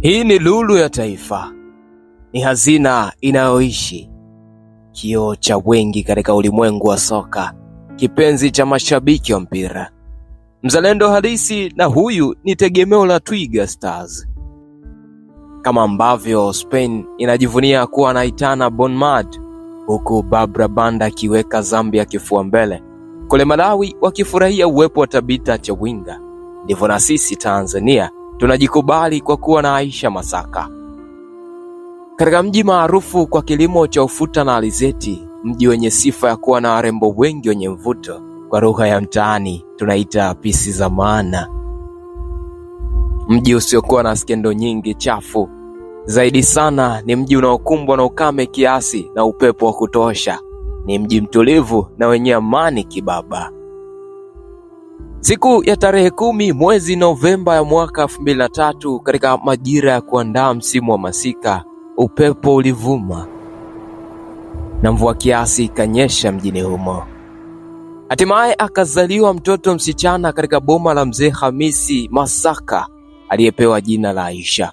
Hii ni lulu ya taifa, ni hazina inayoishi, kioo cha wengi katika ulimwengu wa soka, kipenzi cha mashabiki wa mpira, mzalendo halisi, na huyu ni tegemeo la Twiga Stars. Kama ambavyo Spain inajivunia kuwa naitana Bonmad, huku Barbara Banda akiweka Zambia kifua mbele, kule Malawi wakifurahia uwepo wa Tabita Chawinga, ndivyo na sisi Tanzania tunajikubali kwa kuwa na Aisha Masaka. Katika mji maarufu kwa kilimo cha ufuta na alizeti, mji wenye sifa ya kuwa na warembo wengi wenye mvuto, kwa lugha ya mtaani tunaita pisi za maana, mji usiokuwa na skendo nyingi chafu. Zaidi sana ni mji unaokumbwa na ukame kiasi na upepo wa kutosha. Ni mji mtulivu na wenye amani kibaba. Siku ya tarehe kumi mwezi Novemba ya mwaka elfu mbili na tatu katika majira ya kuandaa msimu wa masika, upepo ulivuma na mvua kiasi ikanyesha mjini humo. Hatimaye akazaliwa mtoto msichana katika boma la mzee Hamisi Masaka aliyepewa jina la Aisha.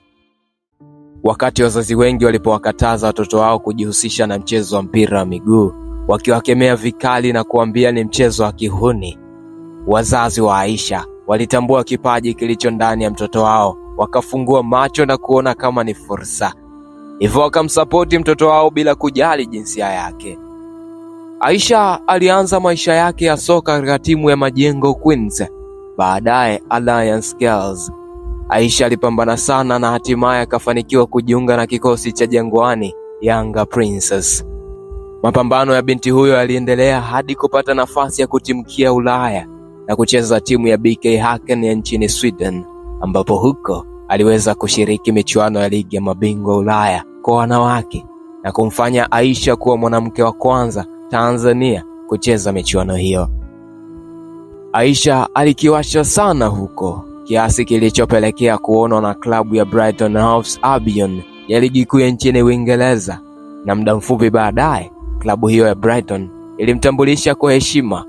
Wakati wazazi wengi walipowakataza watoto wao kujihusisha na mchezo wa mpira wa miguu, wakiwakemea vikali na kuambia ni mchezo wa kihuni, Wazazi wa Aisha walitambua kipaji kilicho ndani ya mtoto wao, wakafungua macho na kuona kama ni fursa, hivyo wakamsapoti mtoto wao bila kujali jinsia yake. Aisha alianza maisha yake ya soka katika timu ya Majengo Queens, baadaye Alliance Girls. Aisha alipambana sana na hatimaye akafanikiwa kujiunga na kikosi cha Jangwani Yanga Princess. Mapambano ya binti huyo yaliendelea hadi kupata nafasi ya kutimkia Ulaya na kucheza timu ya BK Häcken ya nchini Sweden, ambapo huko aliweza kushiriki michuano ya ligi ya mabingwa Ulaya kwa wanawake na kumfanya Aisha kuwa mwanamke wa kwanza Tanzania kucheza michuano hiyo. Aisha alikiwasha sana huko kiasi kilichopelekea kuonwa na klabu ya Brighton Hove Albion ya ligi kuu ya nchini Uingereza, na muda mfupi baadaye klabu hiyo ya Brighton ilimtambulisha kwa heshima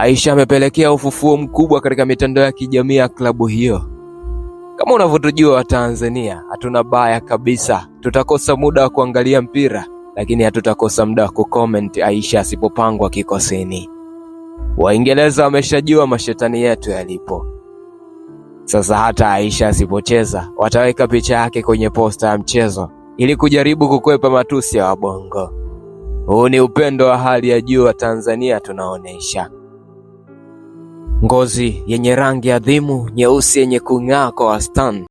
Aisha amepelekea ufufuo mkubwa katika mitandao ya kijamii ya klabu hiyo. Kama unavyotujua Watanzania, hatuna baya kabisa. Tutakosa muda wa kuangalia mpira, lakini hatutakosa muda wa kucomment Aisha asipopangwa kikosini. Waingereza wameshajua mashetani yetu yalipo. Sasa hata Aisha asipocheza, wataweka picha yake kwenye posta ya mchezo ili kujaribu kukwepa matusi ya Wabongo. Huu ni upendo wa hali ya juu wa Tanzania tunaonesha. Ngozi yenye rangi adhimu nyeusi yenye kung'aa kwa wastani